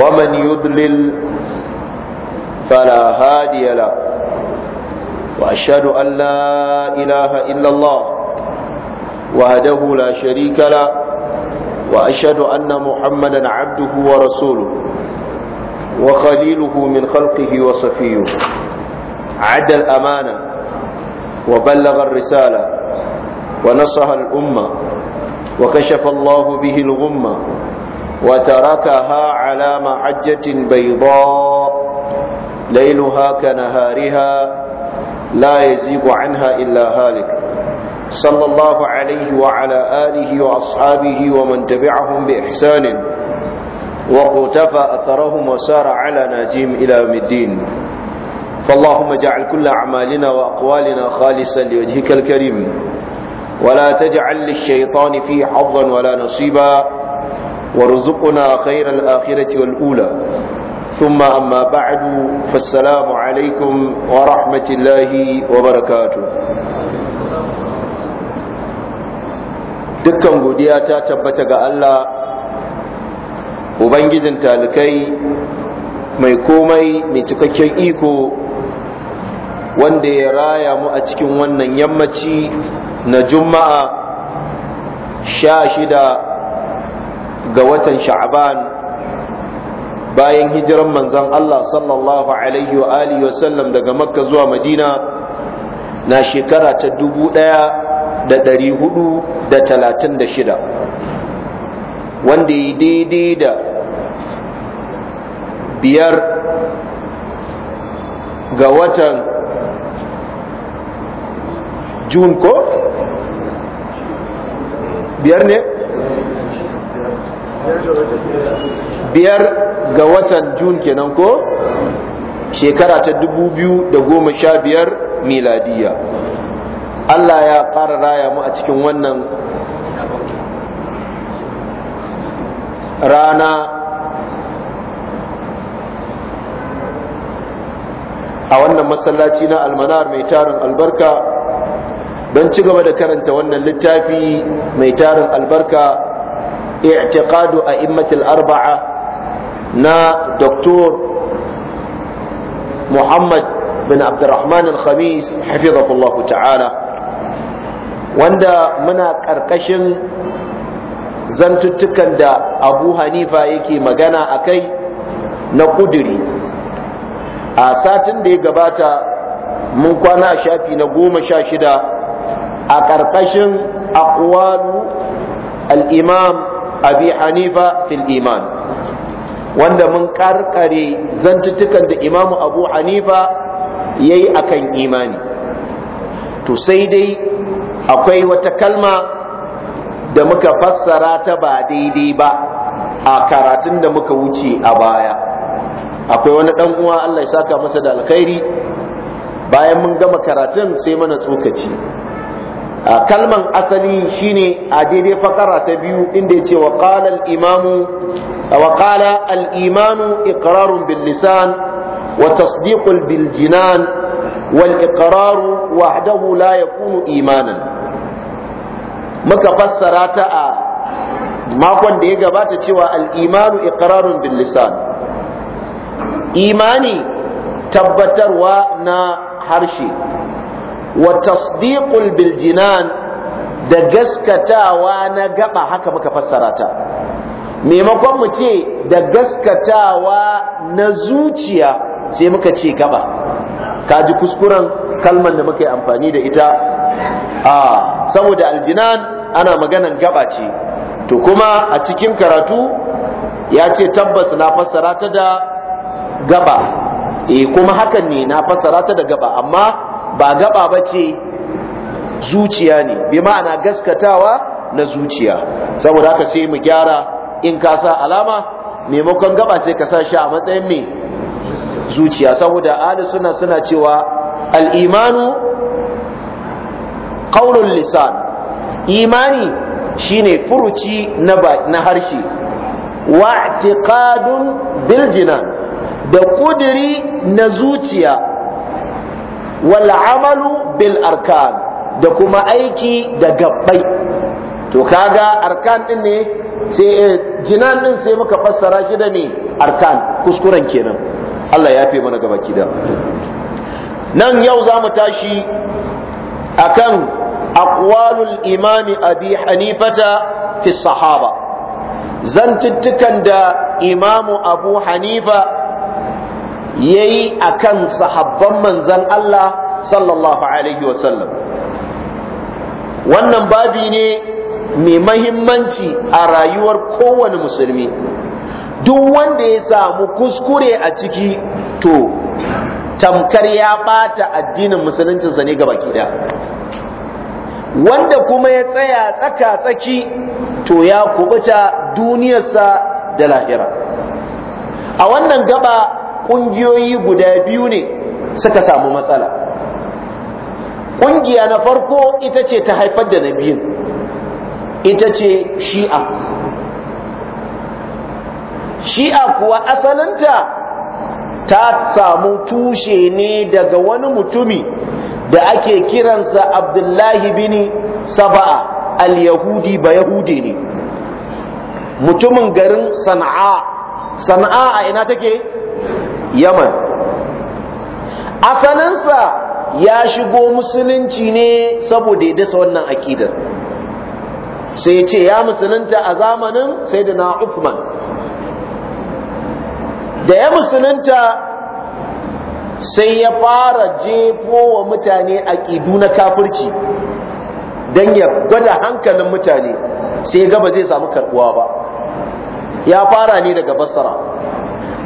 ومن يضلل فلا هادي له وأشهد أن لا إله إلا الله وهده لا شريك له وأشهد أن محمدا عبده ورسوله وخليله من خلقه وصفيه عد الأمانة وبلغ الرسالة ونصح الأمة وكشف الله به الغمة وتركها على معجة بيضاء ليلها كنهارها لا يزيغ عنها إلا هالك صلى الله عليه وعلى آله وأصحابه ومن تبعهم بإحسان وقتفى أثرهم وسار على ناجيم إلى يوم الدين فاللهم اجعل كل أعمالنا وأقوالنا خالصا لوجهك الكريم ولا تجعل للشيطان فيه حظا ولا نصيبا وارزقنا خير الآخرة والأولى ثم أما بعد فالسلام عليكم ورحمة الله وبركاته dukkan godiya ta tabbata ga Allah Ubangijin talikai mai komai mai cikakken iko wanda ya raya mu a cikin wannan yammaci na juma'a sha shida ga watan sha'ban bayan hijiran manzon Allah sallallahu alaihi wa alihi wa sallam daga makka zuwa madina na shekara ta dubu ɗaya da ɗari hudu da talatin da shida wanda yi daidai da biyar ga watan jun ko biyar ne biyar ga watan jun kenan ko shekara ta dubu biyu da goma sha biyar miladiya Allah ya ƙara raya mu a cikin wannan rana a wannan masallaci na almanar mai tarin albarka don ci gaba da karanta wannan littafi mai tarin albarka i'tiqadu a'immatil arba'a na doktor Muhammad bin Abdurrahman al-Khamis hafizahullah ta'ala wanda muna karkashin zantuttukan da Abu Hanifa yake magana a kai na kuduri a satin da ya gabata mun kwana a shafi na goma sha shida a ƙarƙashin akwalu al-imam abi hanifa fil iman wanda mun karkare zantuttukan da imamu abu hanifa ya yi a kan imani to sai dai akwai wata kalma da muka fassara ta ba daidai ba a karatun da muka wuce a baya akwai wani ɗan uwa Allah ya saka masa da alkhairi bayan mun gama karatun sai mana tsokaci kalman asali shine a daidai fakara ta biyu inda ya ce wa qala al wa qala al-imanu bil lisan wa tasdiqun bil jinan wal iqraru wahdahu la yakunu imanan muka fassara ta a makon da ya gabata cewa al-imanu iqrarun bil lisan imani tabbatarwa na harshe wa tasdiqul bil da gaskatawa na gaba haka muka fassara ta maimakon mu ce da gaskatawa na zuciya sai muka ce gaba kaji kuskuren kalmar da muka yi amfani da ita a saboda aljinan ana maganan gaba ce to kuma a cikin karatu ya ce tabbas na fassara ta da gaba e kuma hakan ne na fassara ta da gaba amma ba gaba ba ce zuciya ne bi ma'ana gaskatawa na zuciya saboda haka sai mu gyara in ka sa alama maimakon gaba sai ka sa shi a matsayin mai zuciya saboda ahli suna suna cewa al-imanu lisan imani shine furuci na harshe wa biljina biljina da kudiri na zuciya wal amalu bil arkan da kuma aiki da gabbai to kaga arkan din ne sai eh, jinan din sai muka fassara shi da ne arkan kuskuren kenan Allah ya fi mana gabaki da nan yau za mu tashi akan aqwalul imami abi hanifata fi sahaba zantuttukan da imamu abu hanifa yayi akan sahabban manzon Allah sallallahu alaihi wasallam wannan babi ne mai mahimmanci a rayuwar kowane musulmi duk wanda ya samu kuskure a ciki to tamkar ya ɓata addinin musuluncinsa ne gaba da, wanda kuma ya tsaya tsaka tsaki to ya kubuta duniyarsa da lahira a wannan gaba ƙungiyoyi guda biyu ne suka samu matsala ƙungiya na farko ita ce ta haifar da na biyun ita ce shi'a shi'a kuwa asalinta ta samu tushe ne daga wani mutumi da ake kiransa abdullahi bin saba'a al-yahudi ba yahudi ne mutumin garin sana'a sana'a a ina take yaman asalinsa ya shigo musulunci ne saboda ya dasa wannan aƙidar sai ya ce ya musulunta a zamanin sai da na Uthman da ya musulunta sai ya fara jefo wa mutane aƙidu na kafirci don ya gwada hankalin mutane sai ga ba zai samu karɓuwa ba ya fara ne daga basara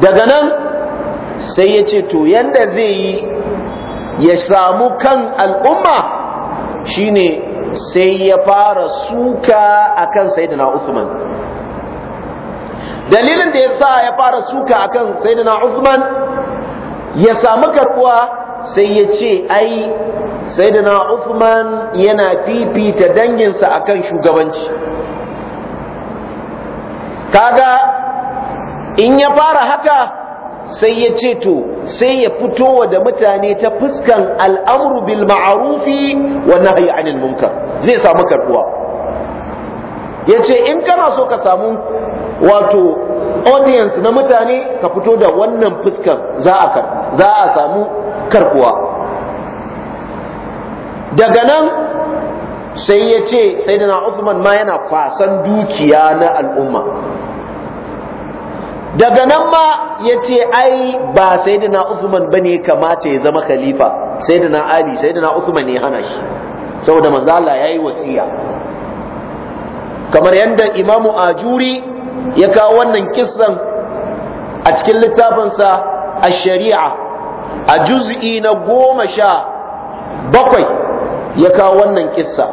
daga nan sai ya ce to yadda zai yi ya samu kan al'umma shine sai ya fara suka akan sayyidina Usman, dalilin da ya sa ya fara suka akan sayyidina Usman ya samu karbuwa sai ya ce ai sayyidina Usman yana fifita danginsa akan shugabanci kaga in ya fara haka sai ya ce to sai ya fitowa da mutane ta fuskan al'amru bil ma'arufi wa nahyi anil munkar zai samu karbuwa ya ce in kana so ka samu wato audience na mutane ka fito da wannan fuskan za a samu karbuwa daga nan sai ya ce sai da na ma yana kwasan dukiya na al'umma daga nan ma ya ce ai ba sayyidina Uthman ne kamata ya zama khalifa sayyidina Ali na Usman ne hana shi saboda manzala ya yi wasiya kamar yadda Imamu a juri ya kawo wannan kissan a cikin littafinsa a sharia a juz'i na goma sha bakwai ya kawo wannan kissa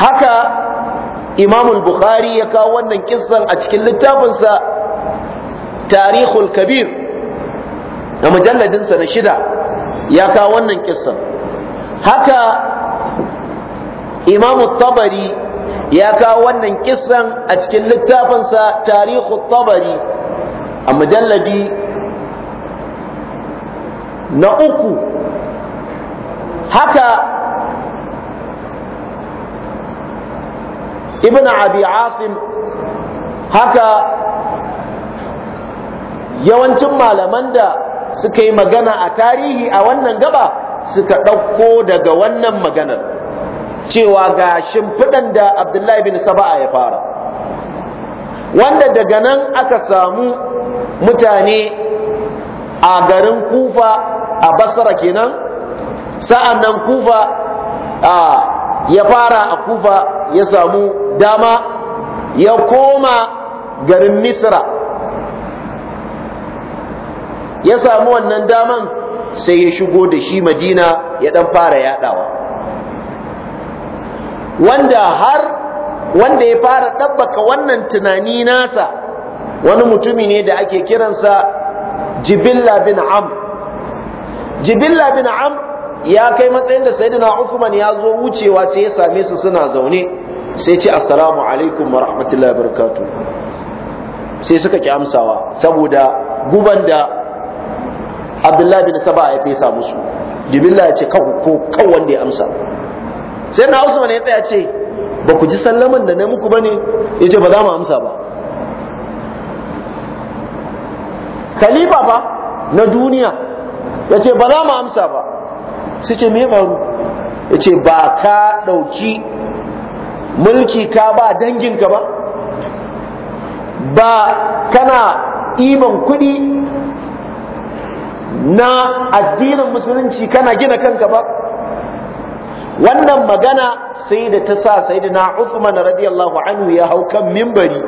haka imam bukhari ya kawo wannan kissan a cikin littafinsa tarihul kabir da mujalladinsa na shida ya kawo wannan kissan haka imam tabari ya kawo wannan kissan a cikin littafinsa tarihul tabari a mujalladi na uku haka ibn abi asim haka yawancin malaman da suka yi magana a tarihi a wannan gaba suka ɗauko daga wannan maganar cewa ga shimfiɗan da abdullahi bin saba'a ya fara wanda daga nan aka samu mutane a garin kufa a basra kenan sa'an nan kufa a ya fara a kufa ya samu dama ya koma garin misra ya samu wannan daman sai ya shigo da shi madina ya dan fara yadawa wanda har wanda ya fara ɗabbaka wannan tunani nasa wani mutumi ne da ake kiransa jibilla bin am jibilla bin am ya kai matsayin da sayyidina Uthman ya zo wucewa sai ya same su suna zaune sai ce assalamu alaikum wa rahmatullahi barakatuh sai suka ki amsawa saboda guban da Abdullahi bin Saba ya fesa musu jibilla ya ce kan ko kan wanda ya amsa sai na Usman ya tsaya ce ba ku ji sallaman da na muku bane yace ba za mu amsa ba khalifa ba na duniya yace ba za mu amsa ba sai ce mai faru ya ce ba ka ɗauki mulki ka ba dangin ka ba ba kana ɗiban kuɗi na addinin musulunci kana gina kanka ba wannan magana sai da ta sa sai da na Uthman radiyallahu anhu ya hau kan mimbari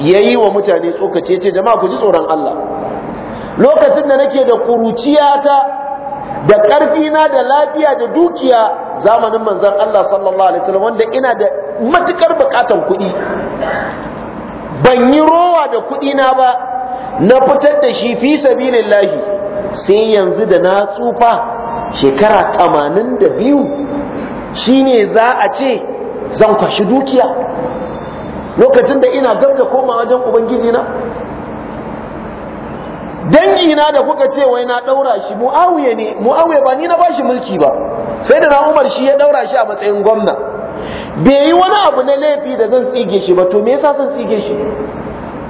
ya yi wa mutane tsokace ce jama'a ku ji tsoron Allah lokacin da nake da kuruciyata da ƙarfi na da lafiya da dukiya zamanin manzon Allah sallallahu alaihi wasallam wanda ina da matukar bukatar kuɗi ban yi rowa da kuɗi na ba na fitar da shi fi sabilillahi sai yanzu da na tsufa shekara biyu shine za a ce zan kwashi dukiya lokacin da ina gab da koma wajen ubangiji na dangi na da kuka ce wai na daura shi muawiya ne muawiya ba ni na bashi mulki ba sai da na umar shi ya daura shi a matsayin gwamna bai yi wani abu na laifi da zan tsige shi ba to me yasa zan tsige shi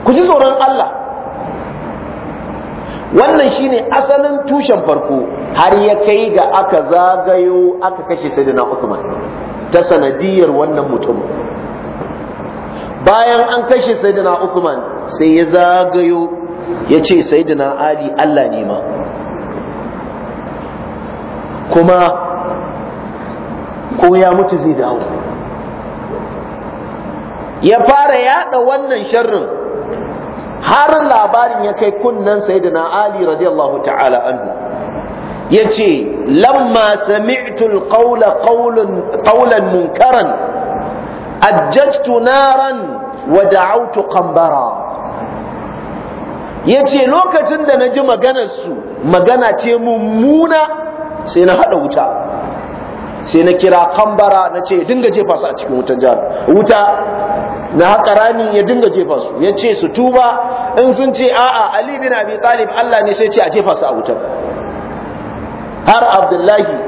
ku ji tsoron Allah wannan shine asalin tushen farko har ya kai ga aka zagayo aka kashe sayyidina Uthman ta sanadiyar wannan mutum bayan an kashe sayyidina Uthman sai ya zagayo ya ce sayidina ali allah ne ma kuma ko ya mutu zai dawo ya fara yada wannan sharrin har labarin ya kai kunnan sayidina ali radiyallahu ta'ala anhu ya ce lamma sami'tul qawla qawlan munkaran ajjajtu naran wa da'awtu qambara ya ce lokacin da na ji maganarsu magana ce mummuna sai na haɗa wuta sai na kira kambara na ce dinga jefa su a cikin wutan jihar wuta na haka rani ya dinga jefa su ya ce su tuba in sun ce a'a ali bin abi talib allah ne sai ce a jefa su a wutan har abdullahi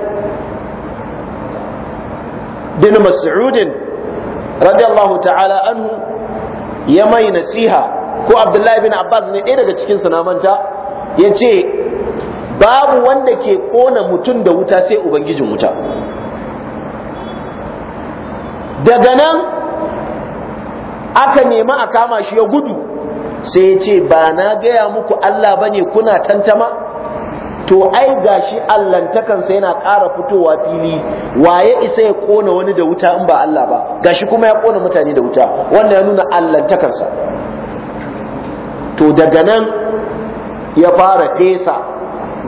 bin mas'udin radiyallahu ta'ala anhu ya mai nasiha ko abdullahi bin abbas ne ɗaya daga cikin na manta ya ce babu wanda ke ƙona mutum da wuta sai ubangijin wuta daga nan aka nema a kama shi ya gudu sai ya ce ba na gaya muku allah ba ne kuna tantama to ai ga gashi allantakansa yana ƙara fitowa fili waye isa ya ƙona wani da wuta in ba allah ba Ga shi kuma ya ƙona mutane da wuta wanda ya nuna allantakansa to daga nan ya fara fesa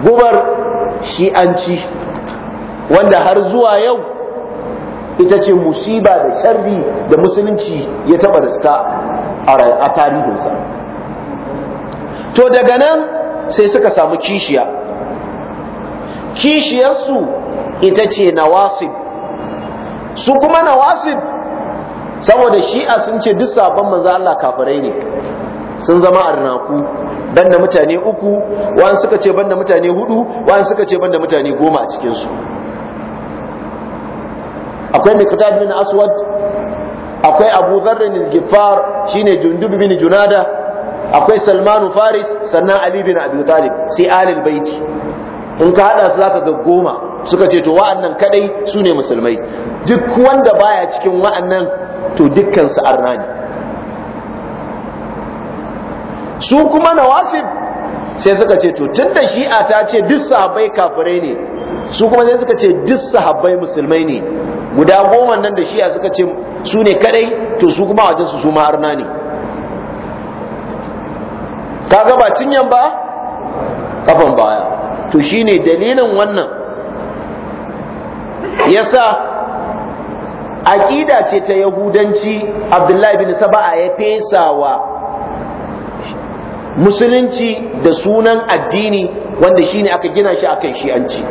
gubar shi'anci wanda har zuwa yau ita ce musiba da sharri da musulunci ya taɓa riska a tarihinsa to daga nan sai suka samu kishiya kishiyarsu ita ce nawasib su kuma nawasib saboda shi'a sun ce duk sabon manzo Allah kafirai ne sun zama arnaku dan da mutane uku wa'an suka ce ban da mutane hudu wa'an suka ce ban da mutane goma a cikinsu akwai miqdad bin aswad akwai abu dharrin al shine jundub bin junada akwai salmanu faris sannan ali bin abi talib sai alil baiti in ka hada su zaka ga goma suka ce to wa'annan kadai su ne musulmai duk wanda baya cikin wa'annan to dukkan su arna ne su kuma nawasib sai suka ce to tun da shi'a ta ce duk sahabbai kafirai ne su kuma sai suka ce duk sahabbai musulmai ne guda goma nan da shi'a suka ce su ne kadai to su kuma wajen su suma arna ne ga ba cinyan ba kafan baya to shine dalilin wannan yasa ƙida ce ta yahudanci abdullahi bin saba'a ya fesa wa musulunci da sunan addini wanda shine aka gina shi akan shi'anci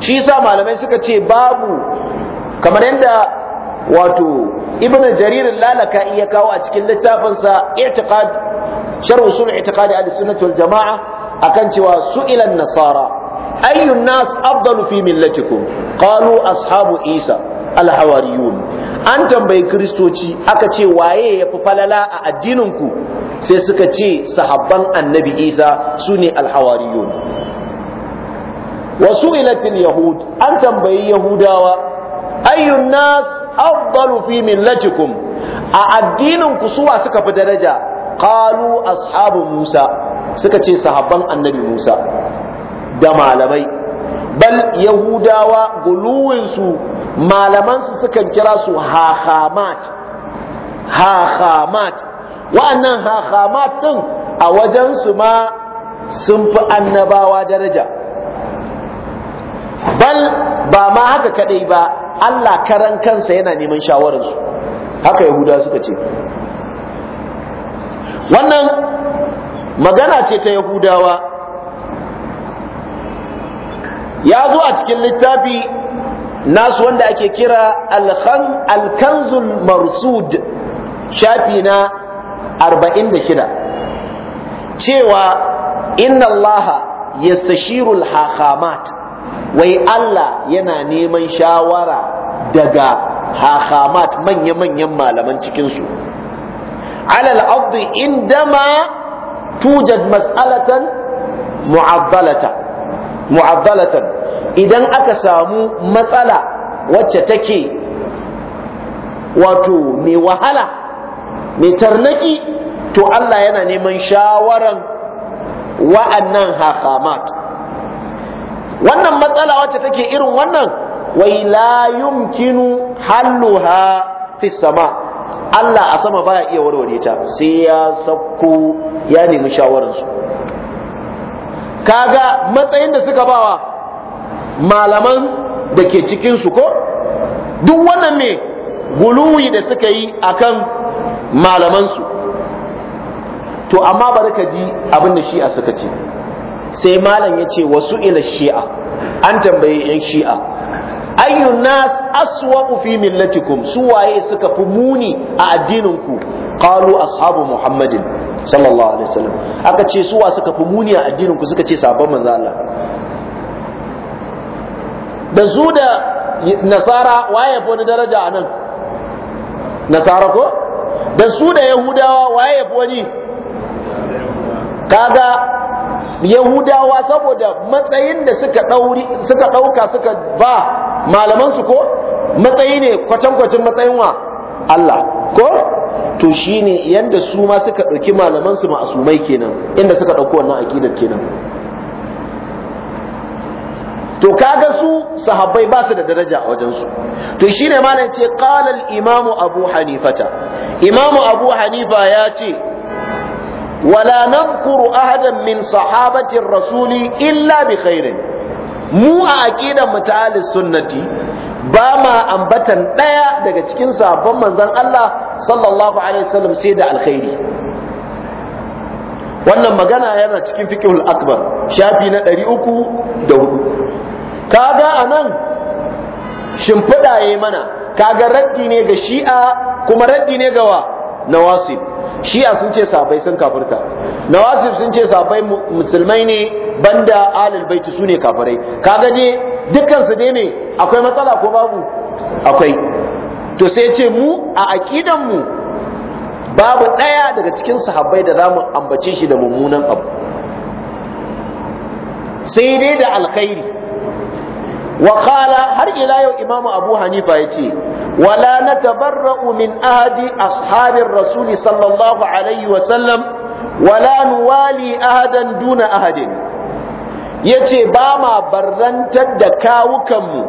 shi sa malamai suka ce babu kamar yadda wato ibn jarir lalaka iya kawo a cikin littafinsa i'tiqad sharh usul i'tiqad al-sunnah wal jama'a akan cewa su'ila nasara ayu nas afdalu fi millatikum qalu ashabu isa al-hawariyun an tambayi kristoci aka ce waye yafi falala a addinin ku sai suka ce sahabban annabi isa su ne alhawariyun wasu ilatin yahud an tambayi yahudawa ayyun nas afdalu fi millatikum a addinin ku suwa suka fi daraja qalu ashabu musa suka ce sahabban annabi musa da malamai bal yahudawa guluwinsu malamansu sukan kira su hahamat hahamat wa'annan hakamat din a wajen su ma sun fi annabawa daraja bal ba ma haka kadai ba Allah karan kansa yana neman shawararsu haka yahuda suka ce wannan magana ce ta yahudawa ya zo a cikin littafi nasu wanda ake kira alkanzul marsud shafi na arba'in da shida cewa inna allaha yastashirul hakamat wai Allah yana neman shawara daga hakamat manya-manyan malaman cikinsu alal abdi ma tujad mas'alatan mu'addalata mu'addalatan idan aka samu matsala wacce take wato mai wahala mai tarnaki to Allah yana neman shawaran wa'annan hakamat wannan matsala wacce take irin wannan wai la yumkinu halluha fi sama Allah a sama baya iya warware ta sai ya sauko ya nemi shawararsu kaga matsayin da suka bawa malaman da ke su ko duk wannan me guluwi da suka yi akan malamansu to amma bari ka ji abin da shi'a suka ce sai malam ya ce wasu ila shi'a an tambaye yan shi'a ayyun nas aswa'u fi millatikum su waye suka fi muni a addininku qalu ashabu muhammadin sallallahu alaihi wasallam aka ce su wa suka fi muni a addininku suka ce sabon manzo Allah da su da nasara waye fi wani daraja anan nasara ko da su da yahudawa waye ya fi wani kaga yahudawa saboda matsayin da suka ɗauka suka ba malaman su ko matsayi ne kwatankwacin matsayin wa Allah ko to shi ne yadda su ma suka dauki malaman su ma'asumai kenan inda suka ɗauko wannan aƙidar kenan to ka ga su sahabbai ba su da daraja a wajen su to shine malam ce qala al imamu abu hanifata imamu abu hanifa ya ce wala nadhkuru ahadan min sahabati rasuli illa bi khairin mu a aqidar mu ta sunnati ba ma ambatan ɗaya daga cikin sahabban manzon Allah sallallahu alaihi da alkhairi wannan magana yana cikin fiqhul akbar shafi na ɗari uku da hudu. kaga anan shimfida yayi mana kaga raddi ne ga shi'a kuma raddi ne ga wa nawasib shi'a sun ce sabai sun kafirta nawasib sun ce sabai musulmai ne banda alal baiti su ne kafirai kaga ne dukkan su dai ne akwai matsala ko babu akwai to sai ce mu a aqidan mu babu ɗaya daga cikin sahabbai da zamu ambace shi da mummunan abu sai dai da alkhairi wa har ila yau imamu abu hanifa ya ce wala na tabarra'u min ahadi ashabin rasuli sallallahu alaihi wasallam wala nuwali ahadan duna ahadin ya ce ba ma barrantar da kawukanmu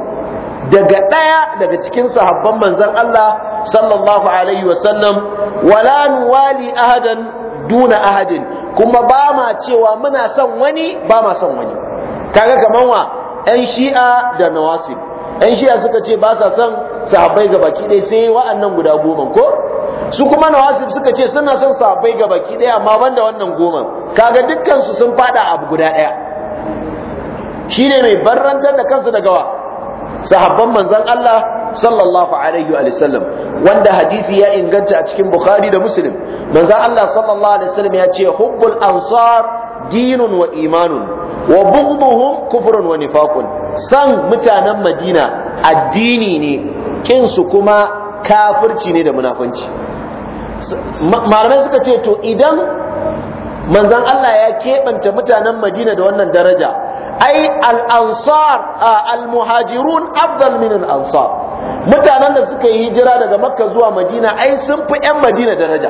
daga ɗaya daga cikin sahabban manzan Allah sallallahu alaihi wasallam wala nuwali ahadan duna ahadin kuma ba ma cewa muna son wani ba ma son wani kaga kaman wa 'yan shi'a da nawasib 'yan shi'a suka ce ba sa son sahabbai ga baki ɗaya sai wa'annan guda goma ko su kuma nawasib suka ce suna son sahabbai ga baki ɗaya amma banda wannan goma kaga dukkan su sun fada abu guda ɗaya shine mai barrantar da kansu daga wa sahabban manzon Allah sallallahu alaihi wa sallam wanda hadisi ya inganta a cikin Bukhari da Muslim manzon Allah sallallahu alaihi wa sallam ya ce hubbul ansar dinun wa imanun wa bughduhum kufrun wa nifaqun san mutanen Madina addini ne kin su kuma kafirci ne da munafunci malamai suka ce to idan manzon Allah ya keɓanta mutanen Madina da wannan daraja ai al-ansar al-muhajirun afdal min al-ansar mutanen da suka yi hijira daga Makka zuwa Madina ai sun fi 'yan Madina daraja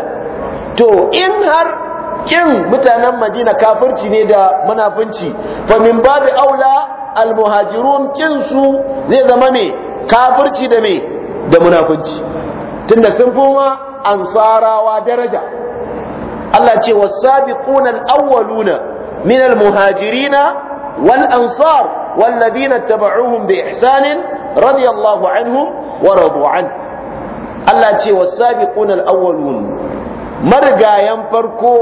to in har kin mutanen madina kafirci ne da munafunci fa min babi aula almuhajirun kin su zai zama me kafirci da me da munafunci tunda sun fuma ansarawa daraja Allah ce wasabiquna alawwaluna min muhajirina wal ansar والذين اتبعوهم بإحسان رضي الله عنهم ورضوا عنه الله ce والسابقون awaluna. marigayen farko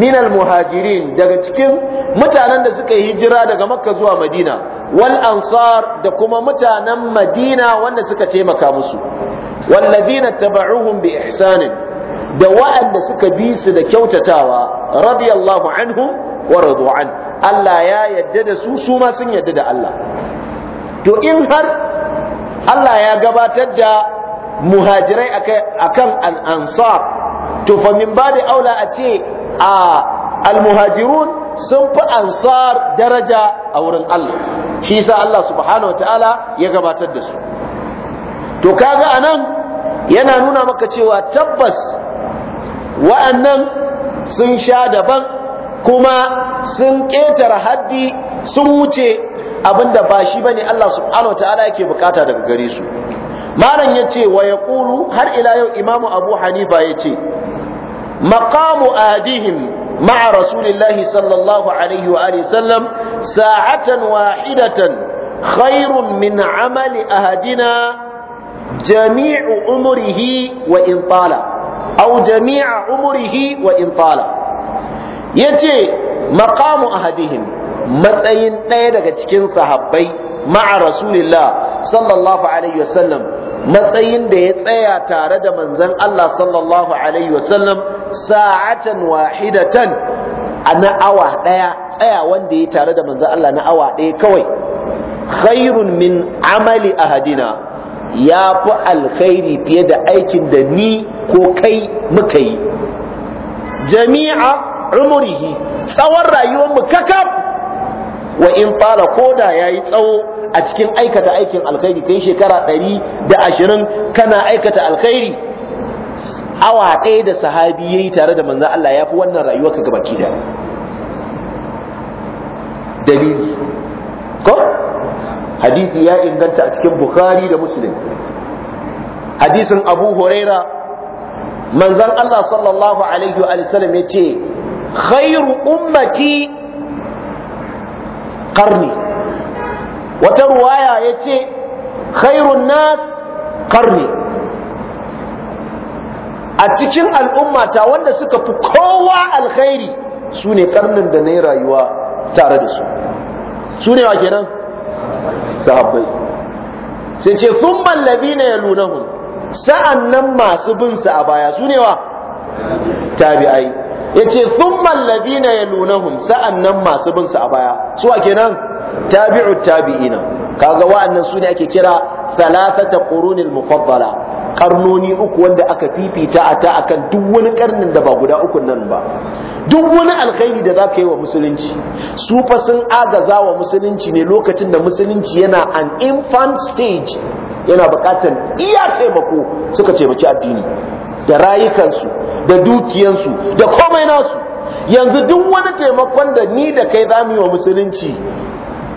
minal muhajirin daga cikin mutanen da suka yi hijira daga makka zuwa madina wal ansar da kuma mutanen madina wanda suka taimaka musu wallazina taba'uhum bi ihsanin da wa'anda suka bi su da kyautatawa radiyallahu anhum wa radu an Allah ya yadda da su su ma sun yadda da Allah to in har Allah ya gabatar da muhajirai akan al-ansar to fa min ba da aula a ce a almuhajirun sun fi ansar daraja a wurin Allah shi sa Allah subhanahu wa ta'ala ya gabatar da su to kaga anan yana nuna maka cewa tabbas wa'annan sun sha daban kuma sun ƙetare haddi sun wuce abinda ba shi bane Allah subhanahu wa ta'ala yake bukata daga gare su malam yace wa yaqulu har ila yau imamu abu hanifa yace مقام آدهم مع رسول الله صلى الله عليه وآله وسلم ساعة واحدة خير من عمل أهدنا جميع عمره وإن طال أو جميع عمره وإن طال يتي مقام أهدهم matsayin ɗaya daga cikin sahabbai ma'a rasulillah sallallahu alaihi wasallam matsayin da ya tsaya tare da manzon Allah sallallahu alaihi wasallam sa'atan wahidatan na awa daya tsaya wanda ya tare da manza Allah na awa daya kawai khairun min amali ahadina ya fi alkhairi fiye da aikin da ni ko kai muka yi jami'a umurihi tsawon rayuwarmu kakaf wa in fara koda ya yi tsawo a cikin aikata aikin alkhairi kai shekara ɗari da ashirin kana aikata alkhairi awa ɗaya da sahabi yayi tare da manzan Allah ya fi wannan rayuwar ka gabaki da dalili ko hadisi ya inganta a cikin bukhari da muslim hadisin abu huraira manzan Allah sallallahu alaihi wa sallam yace khairu ummati karni, wata ruwaya ce, khairun nas karni'." a cikin al'ummata wanda suka fi kowa alkhairi su ne karnin da na yi rayuwa tare da su su ne wa kenan sahabbai sai ce sun mallabi na ya lunahun sa'an nan masu bin su a baya su ne wa tabi'ai ya ce sun mallabi na ya lunahun sa'an nan masu bin su a baya su wa kenan tabi'u tabi'ina kaga wa'annan su ne ake kira ثلاثة قرون المفضلة karnoni uku wanda aka fifita a ta akan duk wani karnin da ba guda uku nan ba duk wani alkhairi da za ka yi wa musulunci su fa sun agaza wa musulunci ne lokacin da musulunci yana an infant stage yana bukatar iya taimako suka taimaki addini da rayukansu da dukiyansu da komai nasu yanzu duk wani taimakon da ni da kai za mu yi wa musulunci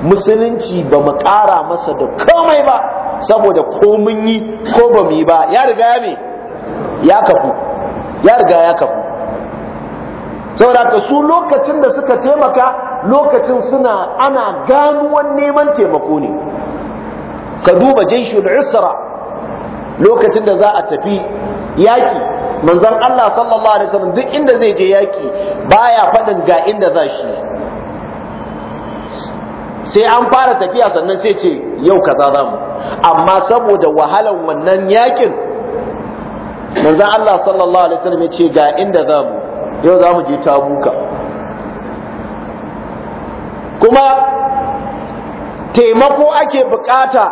musulunci ba mu ƙara masa da komai ba saboda ko mun yi ko ba mu yi ba ya riga ya me ya kafu ya riga ya kafu saboda ka su lokacin da suka taimaka lokacin suna ana ganuwan neman taimako ne ka duba jaishul usra lokacin da za a tafi yaki manzon Allah sallallahu alaihi wasallam duk inda zai je yaki baya faɗin ga inda za shi sai an fara tafiya sannan sai ce yau kaza za mu amma saboda wahalan wannan yakin manzon Allah sallallahu alaihi wasallam ya ce ga inda za mu yau za mu je tabuka kuma taimako ake bukata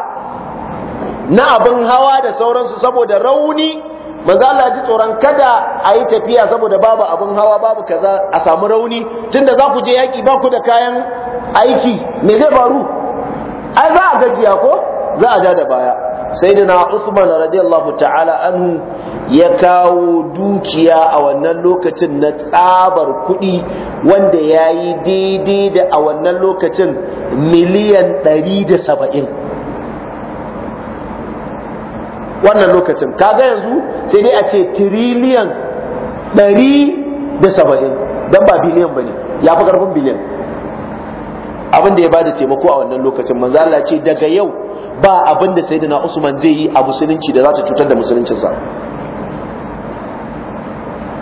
na abin hawa da sauransu saboda rauni manzo Allah ji tsoron kada a yi tafiya saboda babu abin hawa babu kaza a samu rauni tunda za ku je yaki, ba ku da kayan aiki me zai faru ai za a gajiya ko za a ja da baya sai da na usman radiyallahu ta'ala anhu ya kawo dukiya a wannan lokacin na tsabar kuɗi wanda ya yi daidai da a wannan lokacin miliyan 170 wannan lokacin kaga yanzu sai dai a ce tiriliyan 170 da don ba biliyan ba ne ya fi ƙarfin biliyan abin da ya bada taimako a wannan lokacin manzo Allah ce daga yau ba abin da sayyidina Usman zai yi a musulunci da za ta cutar da musuluncinsa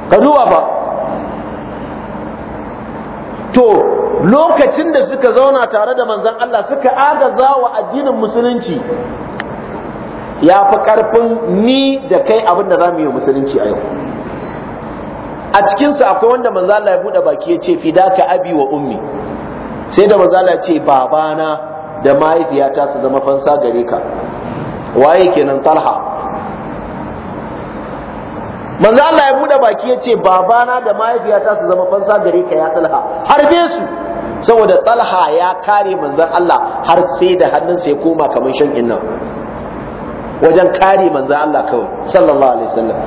ka duba ba to lokacin da suka zauna tare da manzon Allah suka agaza wa addinin musulunci ya fi karfin ni da kai abin da za mu yi musulunci a yau a cikinsa akwai wanda manzo Allah ya buɗe baki ya ce fidaka abi wa ummi sai da manzala ce babana da mahaifiyata su zama fansa gare ka waye kenan talha manzo Allah ya bude baki ya ce babana da mahaifiyata su zama fansa gare ka ya talha harbe su saboda talha ya kare manzon Allah har sai da hannunsa ya koma kamar shan inna wajen kare manzon Allah kawai sallallahu alaihi wasallam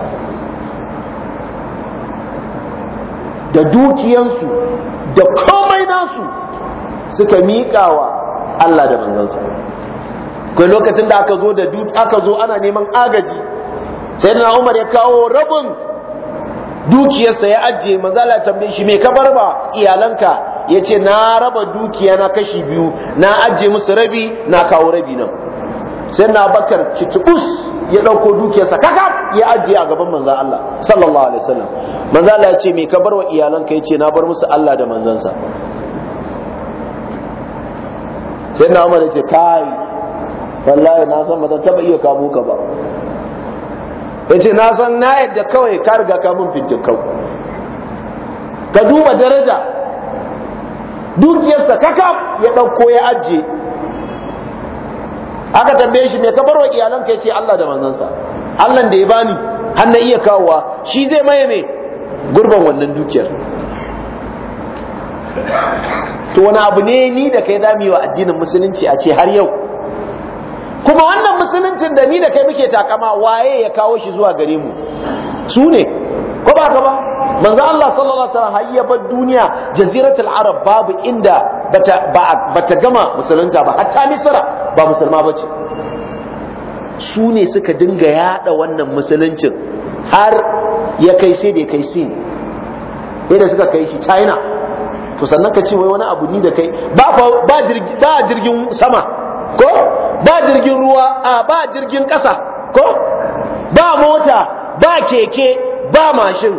da dukiyansu da komai nasu suka miƙawa Allah da manzansa kai lokacin da aka zo da dut aka zo ana neman agaji sai na Umar ya kawo rabin dukiyarsa ya ajiye manzala tambaye shi me ka bar ba iyalanka yace na raba dukiya na kashi biyu na ajiye musu rabi na kawo rabi nan sai na bakar kitikus ya ɗauko dukiyarsa kaka ya ajiye a gaban manzan Allah sallallahu alaihi wasallam manzan Allah ya ce me ka bar wa iyalanka yace na bar musu Allah da manzansa sai na umar ce kai wallahi na san ba zan taba iya kamo ka ba yace na san na yadda kawai ka riga ka mun fintinkau ka duba daraja dukiyarsa kaka ya ɗauko ya ajiye aka tambaye shi me ka barwa ka yace Allah da manzansa Allah da ya bani har na iya kawowa shi zai maye me gurban wannan dukiyar to wani abu ne ni da kai za wa addinin musulunci a ce har yau kuma wannan musuluncin da ni da kai muke takama waye ya kawo shi zuwa gare mu su ne ko ba ka ba manzo Allah sallallahu alaihi wasallam hayya bar duniya jaziratul arab babu inda bata bata gama musulunta ba hatta misra ba musulma bace su ne suka dinga yada wannan musuluncin har ya kai sai da ya kai sin sai da suka kai shi china to sannan ka ce wai wani abu ni da kai ba ba jirgin sama ko ba jirgin ruwa a ba jirgin kasa ko ba mota ba keke ba mashin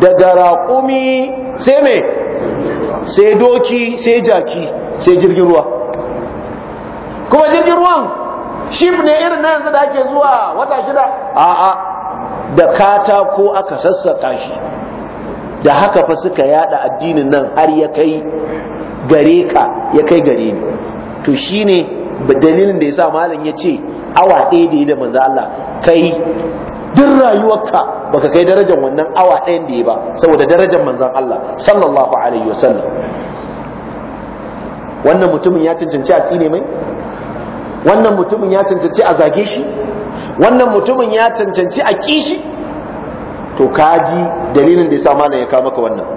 daga raƙumi sai me sai doki sai jaki sai jirgin ruwa kuma jirgin ruwan shif ne irin na yanzu da ake zuwa wata shida a'a da katako aka sassaka shi da haka fa suka yada addinin nan har ya kai gare ka ya kai gare ni to shine dalilin da yasa malam ya ce awa ɗaya da ya da manzo Allah kai duk rayuwarka baka kai darajar wannan awa ɗayan da ya ba saboda darajar manzon Allah sallallahu alaihi wasallam wannan mutumin ya cancanci a tsine mai wannan mutumin ya cancanci a zage shi wannan mutumin ya cancanci a kishi to kaji dalilin da yasa malam ya kawo maka wannan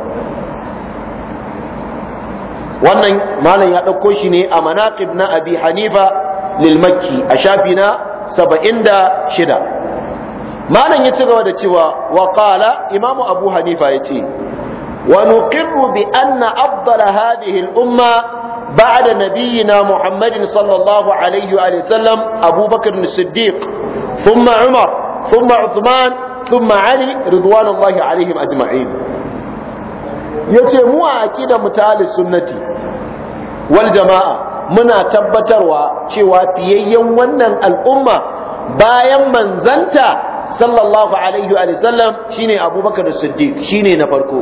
wannan malam ya ɗauko shi ne a manaqib na abi hanifa lil makki a shafi na saba'in da shida malam ya ci gaba da cewa wa qala imamu abu hanifa ya ce ونقر بأن أفضل هذه الأمة بعد umma محمد صلى الله عليه وآله وسلم أبو بكر الصديق ثم عمر ثم thumma ali ridwanullahi alaihim ajma'in yace mu a aqidar mu ta sunnati wal jama'a muna tabbatarwa cewa fiyayyen wannan al'umma bayan manzanta sallallahu alaihi wa sallam shine abubakar siddiq shine na farko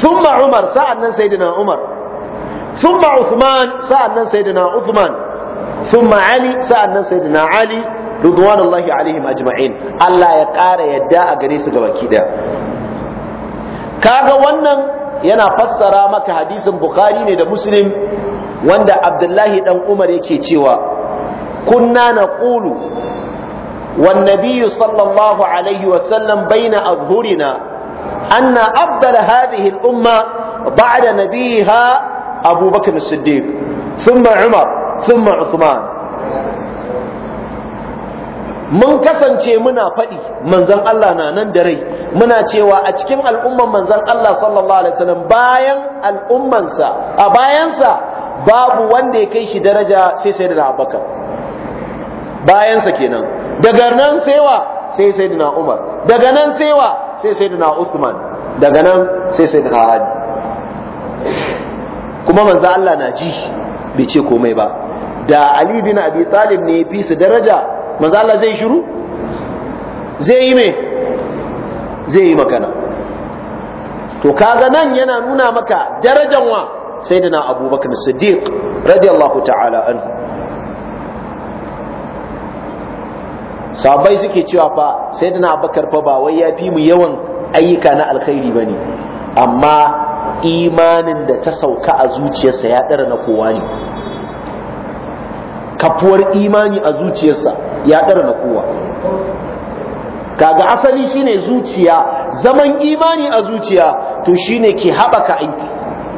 thumma umar sa'annan sayyidina umar thumma uthman sa'annan sayyidina uthman thumma ali sa'annan sayyidina ali ridwanullahi alaihim ajma'in Allah ya ƙara yadda a gare su gabaki daya kaga wannan yana fassara maka hadisin bukhari ne da muslim wanda abdullahi dan umar yake cewa kunna naqulu wan nabiyyu sallallahu alaihi wa sallam baina adhhurina anna afdal hadhihi al umma ba'da nabiha abubakar as-siddiq thumma umar thumma uthman mun kasance muna faɗi manzon Allah na nan da rai muna cewa a cikin al'umman manzon Allah sallallahu alaihi wasallam bayan al'ummansa a bayansa babu wanda ya kai shi daraja sai sai da Abubakar bayansa kenan daga nan saiwa sai sai da Umar daga nan saiwa sai sai da Usman daga nan sai sai da Ali kuma manzon Allah na ji bai ce komai ba da Ali bin Abi Talib ne ya fi su daraja manzo Allah zai shiru zai yi me zai yi magana to kaga nan yana nuna maka darajan wa sayyidina abubakar siddiq radiyallahu ta'ala an sabai suke cewa fa sayyidina abubakar fa ba wai ya fi mu yawan ayyuka na alkhairi ba ne. amma imanin da ta sauka a zuciyarsa ya dara na kowa ne kafuwar imani a zuciyarsa ya ɗara na kowa kaga asali shine zuciya zaman imani a zuciya to shine ke haɓaka aiki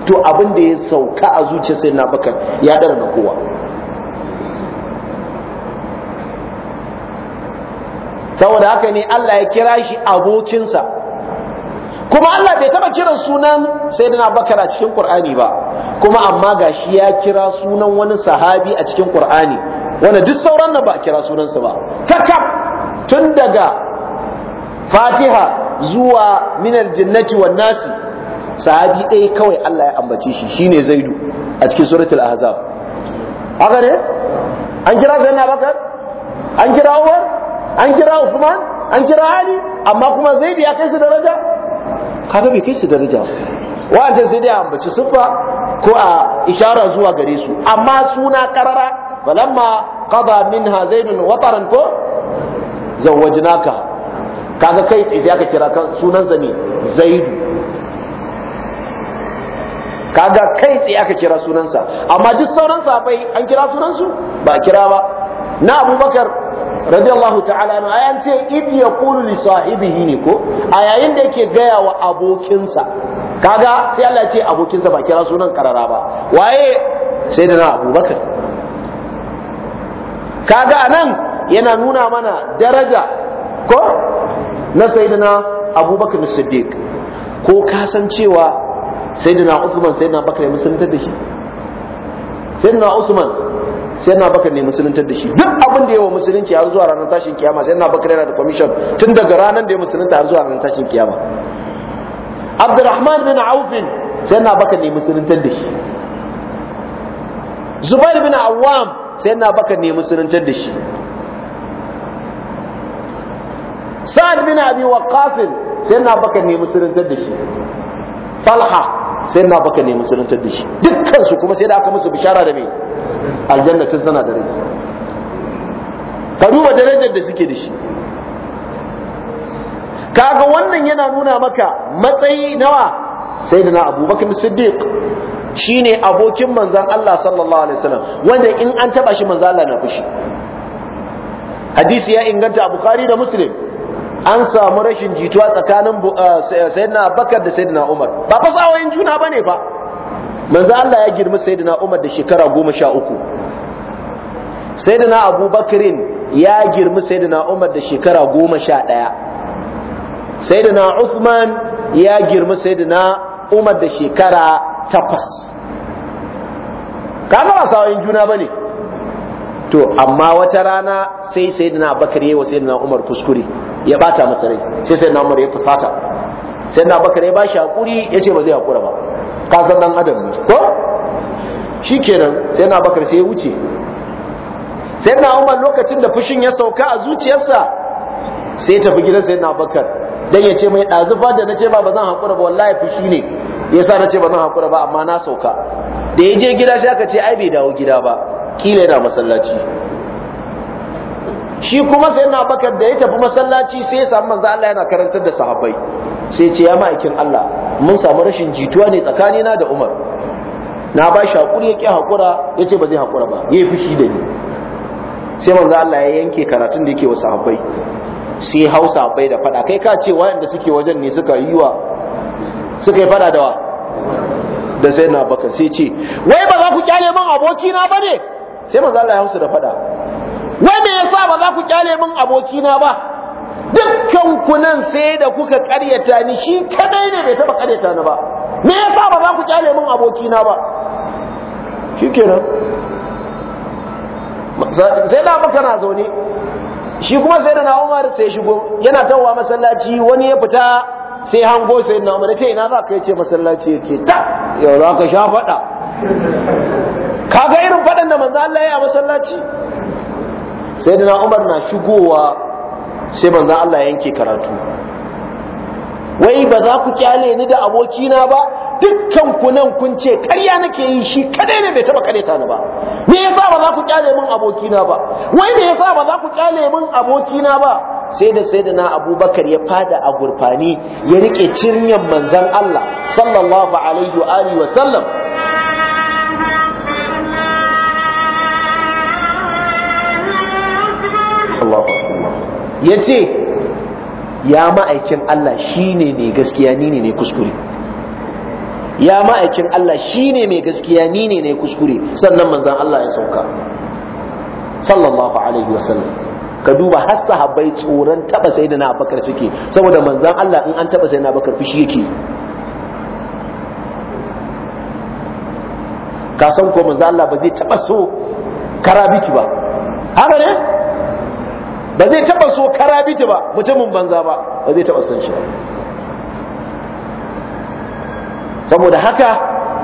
to abin da ya sauka a zuciya sai na baka, ya ɗara na kowa saboda haka ne Allah ya kira shi abokinsa kuma Allah bai taɓa kiran sunan sayyidina Bakar a cikin Kur'ani ba kuma amma ga shi ya kira sunan wani sahabi a cikin Kur'ani. wanda duk sauran nan ba a kira sunansu ba takab tun daga fatiha zuwa minal Jannati, wan nasi sahabi ɗaya kawai Allah ya ambace shi shine zaidu a cikin suratul ahzab haka ne an kira sayyidina bakar an kira umar an kira usman an kira ali amma kuma zaidu ya kai su daraja kaga bai kai su daraja wa'ancan sai dai ambaci siffa ko a ishara zuwa gare su amma suna karara falamma qada minha zaidun wataran ko zawwajnaka kaga kai sai aka kira kan sunan sa ne zaidu kaga kai tsaye aka kira sunansa amma duk sauran sahabbai an kira sunansu ba kira ba na abubakar radiyallahu ta'ala an ayan ce id yaqulu li sahibihi ne ko a yayin da yake gaya wa abokinsa kaga sai Allah ce abokinsa ba kira sunan karara ba waye sai da na abubakar kaga anan yana nuna mana daraja ko na sayyidina abubakar siddiq ko kasancewa sayyidina usman sayyidina bakar ne musuluntar da shi sayyidina usman sayyidina bakar ne musuluntar da shi duk abin da yawa musulunci har zuwa ranar tashin kiyama sayyidina bakar yana da commission tun daga ranar da ya musulunta har zuwa ranar tashin kiyama abdurrahman bin auf sayyidina bakar ne musuluntar da shi zubair bin awwam sai na baka nemi musuluntar da shi sa'ad bin abi waqqas sai na baka nemi musuluntar da shi falha sai na baka nemi musuluntar da shi dukkan su kuma sai da aka musu bishara da me aljanna tun sana da rai ka duba darajar da suke da shi kaga wannan yana nuna maka matsayi nawa sai da na abubakar siddiq shine abokin manzon Allah sallallahu alaihi wasallam wanda in an taba shi manzon Allah na fushi hadisi ya inganta Bukhari da Muslim an samu rashin jituwa tsakanin uh, sayyidina Abubakar da sayyidina Umar ba sawayin juna bane fa manzon Allah ya girmi sayyidina Umar da shekara goma sha uku sayyidina Abubakar ya girmi sayyidina Umar da shekara goma sha ɗaya sayyidina Uthman ya girmi sayyidina Umar da shekara takwas kaga ba sawayin juna ba ne? to amma wata rana sai sayyidina bakar yi wa sayyidina Umar kuskure ya bata masa rai sai sayyidina Umar ya fusata sayyidina bakar ya bashi hakuri ce ba zai haƙura ba ka san ɗan adam ne ko shikenan sayyidina Abubakar sai ya wuce Sai sayyidina Umar lokacin da fushin ya sauka a zuciyarsa sai ya tafi gidan sayyidina bakar dan ya ce mai ɗazufa da na ce ba ba zan haƙura ba wallahi fushi ne yasa na ce ba zan hakura ba amma na sauka da ya je gida shi aka ce ai bai dawo gida ba kila yana masallaci shi kuma sai na bakar da ya tafi masallaci sai ya samu manzo Allah yana karantar da sahabbai sai ce ya ma'aikin Allah mun samu rashin jituwa ne tsakanina da Umar na ba shi hakuri ya ƙi hakura ya ce ba zai hakura ba ya fi fushi da ni sai manzo Allah ya yanke karatun da yake wa sahabbai sai hausa bai da fada kai ka ce wayanda suke wajen ne suka yi wa suka yi fada da wa da sai na bakar sai ce wai ba za ku kyale min na ba ne sai manzo Allah ya hausa da fada wai me yasa ba za ku kyale min na ba dukkan ku nan sai da kuka karyata ni shi kadai ne bai taba karyata ni ba me yasa ba za ku kyale min na ba shikenan sai da baka na zaune shi kuma sai da na Umar sai shigo yana tawwa masallaci wani ya fita sai hango sai na umar ce ina za ka yace masallaci yake ta yau za ka sha faɗa ga irin faɗan da manzo Allah ya masallaci sai na umar na shigowa sai manzo Allah yanke karatu wai ba za ku kyale ni da abokina ba dukkan ku nan kun ce karya nake yi shi kadai ne bai taba kareta ni ba me yasa ba za ku kyale min abokina ba wai me yasa ba za ku kyale min abokina ba sai da sai da na abubakar ya fada a gurfani ya rike cinyan manzon Allah sallallahu alaihi wa alihi wa sallam Allahu akbar yace ya ma'aikin Allah ne mai gaskiya ni ne ne kuskure ya ma'aikin Allah ne mai gaskiya ni ne ne kuskure sannan manzan Allah ya sauka sallallahu alaihi wasallam ka duba har sahabbai tsoron taba na bakar suke saboda manzan Allah in an taba na bakar fushi yake ka san ko manzan Allah ba zai taba so karabiki ba haka ne ba zai taba so karabiti ba mutumin banza ba ba zai taba son shi saboda haka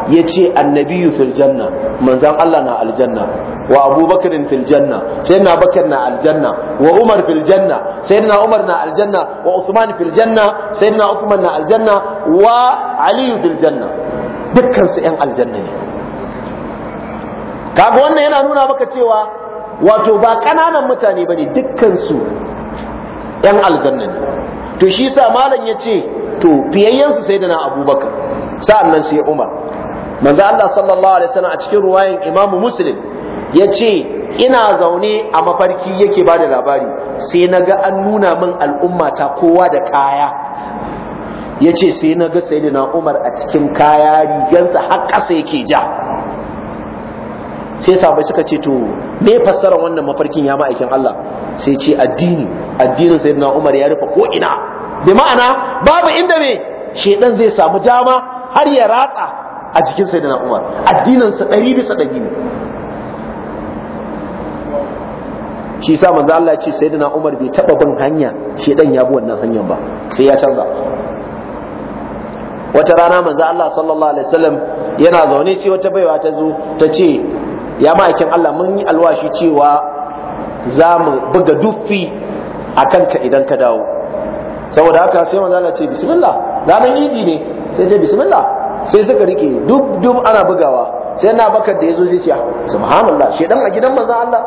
ya ce annabiyu Filjanna, manzan Allah na aljanna wa abubakarin Filjanna sai na bakar na aljanna wa umar Filjanna janna sai na umar na aljanna wa usman Filjanna janna sai na usman na aljanna wa aliyu Filjanna janna yan aljanna ne kaga wannan yana nuna maka cewa wato ba ƙananan mutane bane dukkan su yan aljannan to shi sa malam ya ce to fiyayyen su sai da na abubakar nan sai umar manzo Allah sallallahu alaihi wasallam a cikin ruwayan imamu muslim ce ina zaune a mafarki yake ba da labari sai na ga an nuna min ta kowa da kaya ya ce sai na ga sai na umar a cikin kaya rigansa har ƙasa yake ja sai sahabbai suka ce to me fassara wannan mafarkin ya ma'aikin Allah sai ce addini addinin sayyidina Umar ya rufe ko'ina. ina ma'ana babu inda me shedan zai samu dama har ya ratsa a jikin sayyidina Umar addinin sa ɗari bisa ɗari ne shi sa manzo Allah ya ce sayyidina Umar bai taba bin hanya shedan ya bi wannan hanyar ba sai ya canza wata rana manzo Allah sallallahu alaihi wasallam yana zaune sai wata baiwa ta zo ta ya ma'aikin Allah mun yi alwashi cewa za mu buga dufi a kanka idan ka dawo saboda haka sai manzo Allah ce bismillah ranar idi ne sai ce bismillah sai suka rike duk duk ana bugawa sai na bakar da yazo sai ce subhanallah dan a gidan manzo Allah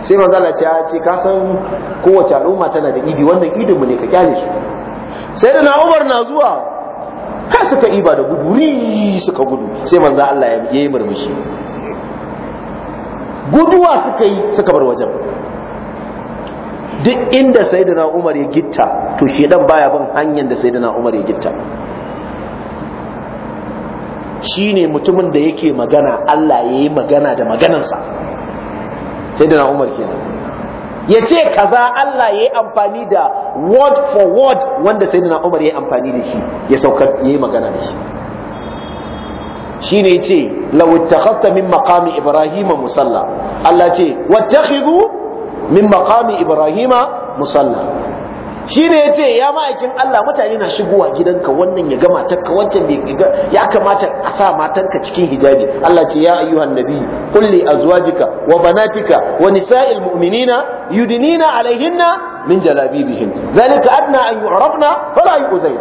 sai manzo Allah ce ah, ce ka san kowace al'umma tana da idi wannan idin mu ne ka kyale shi sai da na Umar na zuwa kai suka iba da gudu suka gudu sai manza Allah ya yi murmushi guduwa suka yi suka bar wajen duk inda sayyidina umar ya gitta to shedan baya bin hanyar da sayyidina umar ya gitta shine mutumin da yake magana Allah ya yi magana da maganansa sayyidina umar kenan ya ce kaza Allah ya yi amfani da word for word wanda sayyidina umar ya yi amfani da shi ya saukar ya yi magana da shi shine yace law ittakhadta min maqami ibrahima musalla Allah ce wattakhidhu min maqami ibrahima musalla shine yace ya ma'aikin Allah mutane na shigowa gidanka wannan ya gama takka wancan ya kamata a sa matanka cikin hijabi Allah ce ya ayyuhan nabi qul li azwajika wa banatika wa nisa'il mu'minina yudnina alaihinna min jalabibihin zalika adna an yu'rafna fala yu'zain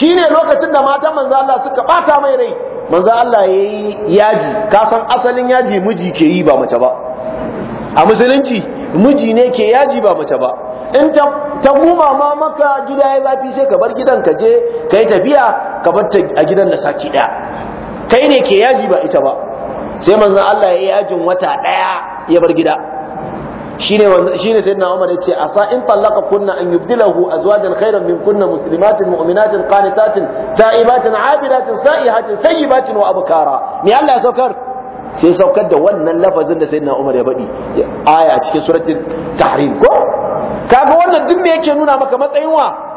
shine lokacin da matan manzo Allah suka bata mai rai manzo Allah yayi yaji ka san asalin yaji miji ke yi ba mace ba a musulunci miji ne ke yaji ba mace ba in ta ta guma ma maka gida ya zafi sai ka bar gidan ka je kai tafiya ka bar ta a gidan da saki daya kai ne ke yaji ba ita ba sai manzo Allah yayi yajin wata daya ya bar gida shine shine sayyidina Umar yace asa in tallaqa kunna an hu a zuwa azwajan khairan min kunna muslimatin mu'minatin qanitatin ta'ibatin abidatin sa'ihatin sayyibatin wa abkara me Allah ya saukar sai saukar da wannan lafazin da sayyidina Umar ya badi aya a cikin suratul tahrim ko kaga wannan duk me yake nuna maka matsayin wa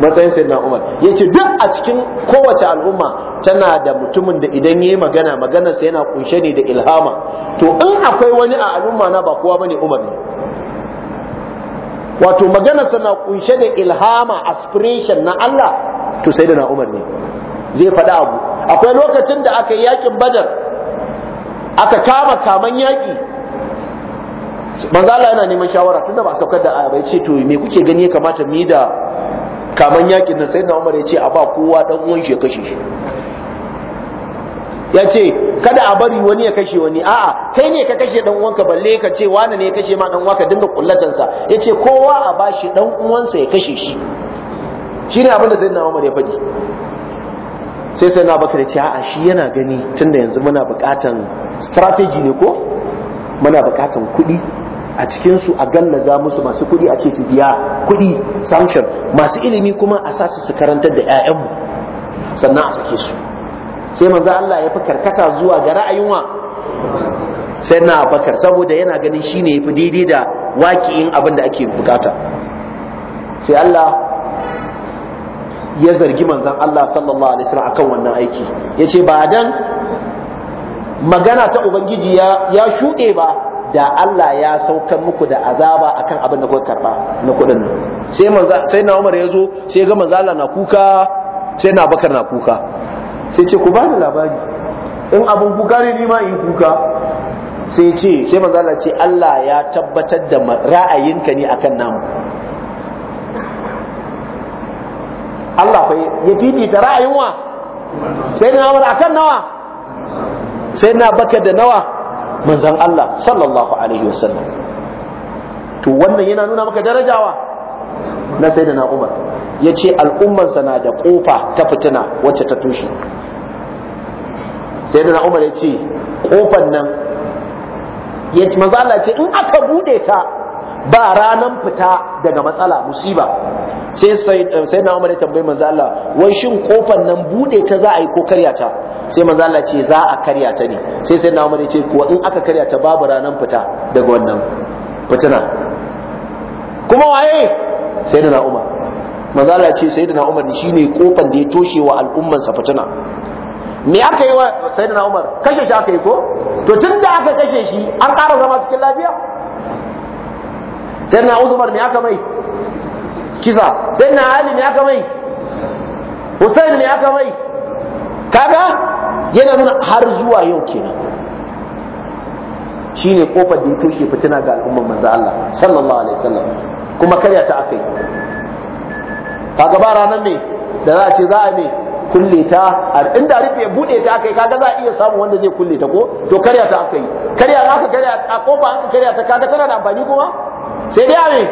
matsayin sayyidina umar yace duk a cikin kowace al'umma tana da mutumin da idan yayi magana maganar sa yana kunshe ne da ilhama to in akwai wani a al'umma na ba kowa bane umar ne wato maganar sa na kunshe da ilhama aspiration na Allah to sayyidina umar ne zai faɗa abu akwai lokacin da aka yi yakin badar aka kama kaman yaki manzo yana neman shawara tunda ba a saukar da aya bai ce to me kuke gani ya kamata mu da kaman yakin nan na Umar ya ce a ba kowa dan uwan shi ya kashe shi ya ce kada a bari wani ya kashe wani a'a kai ne ka kashe dan uwanka balle ka ce wani ne ya kashe ma dan uwanka dinga kullatansa ya ce kowa a bashi dan uwansa ya kashe shi shi ne abin da na Umar ya faɗi sai sai na bakar ce a'a shi yana gani tunda yanzu muna buƙatan strategy ne ko muna buƙatan kuɗi a cikinsu a gallaza musu masu kuɗi a ce su biya kuɗi sanction masu ilimi kuma a sa su karantar da 'ya'yanmu sannan a sake su sai manzo Allah ya fi karkata zuwa ga ra'ayinwa wa sai na bakar saboda yana ganin shi shine yafi daidai da waki'in abin da ake bukata sai Allah ya zargi manzon Allah sallallahu alaihi wasallam akan wannan aiki yace ba dan magana ta ubangiji ya ya shuɗe ba da Allah ya saukar muku da azaba akan abin da kuka karba na kuɗin sai manza sai na Umar ya zo sai ga manzo Allah na kuka sai na Bakar na kuka sai ce ku bani labari in abun kuka ne ni ma in kuka sai ce sai manzo Allah ce Allah ya tabbatar da ra'ayinka ne akan namu Allah fa ya fifita ra'ayin wa sai na Umar akan nawa sai na Bakar da nawa manzon Allah sallallahu alaihi wasallam to wannan yana nuna maka darajawa na na Umar ce al'ummansa na da kofa ta fitina wacce ta tushe na Umar ce kofan nan yace Allah ce in aka bude ta ba ranan fita daga matsala musiba sai sai na Umar ya tambayi mazala wai shin kofan nan bude ta za a yi ko karya ta sai manzo Allah ce za a karya ta ne sai sai na Umar ce kuwa in aka karya ta babu ranan fita daga wannan fitina kuma waye sai da na Umar manzo Allah ce sai da na Umar shine kofan da ya toshe wa al'umman sa fitina me aka yi wa sayyidina Umar kashe shi aka yi ko to tun da aka kashe shi an ƙara zama cikin lafiya sayyidina Umar me aka mai kisa sayyidina Ali me aka mai Hussein me aka mai kaga yana nuna har zuwa yau kenan shine kofar da yake fitina ga al'ummar manzo Allah sallallahu alaihi wasallam kuma karya ta akai kaga ba ranan ne da za a ce za a ne kulle ta a inda rufe bude ta akai kaga za a iya samu wanda zai kulle ta ko to karya ta akai karya ka karya a kofa an karya ta kaga tana da amfani kuma sai dai a ne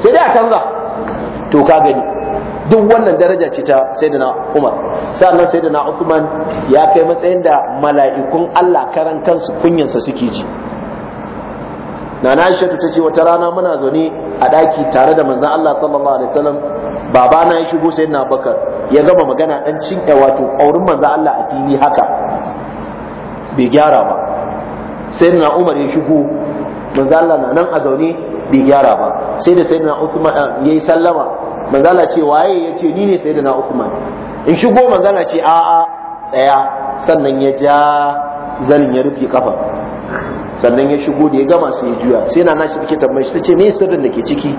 sai dai a canza to ka gani duk wannan daraja ce ta sayyidina Umar sannan sayyidina Uthman ya kai matsayin da mala'ikun Allah karan kansu sa suke ji Nana Aisha ta ce wata rana muna zaune a daki tare da manzon Allah sallallahu alaihi wasallam na ya shigo sayyidina Abubakar ya gama magana dan cin eh, wato aurin manzon Allah a fili haka bai gyara ba sayyidina Umar ya shigo manzon Allah na nan a zaune bai gyara ba sai da sayyidina Uthman eh, yayi sallama manzala ce waye ya ce ni ne sayyidina Usman in shigo manzala ce a a tsaya sannan ya ja zalin ya rufe kafa sannan ya shigo da ya gama sai ya juya sai na nashi take tambayar shi tace me sirrin da ke ciki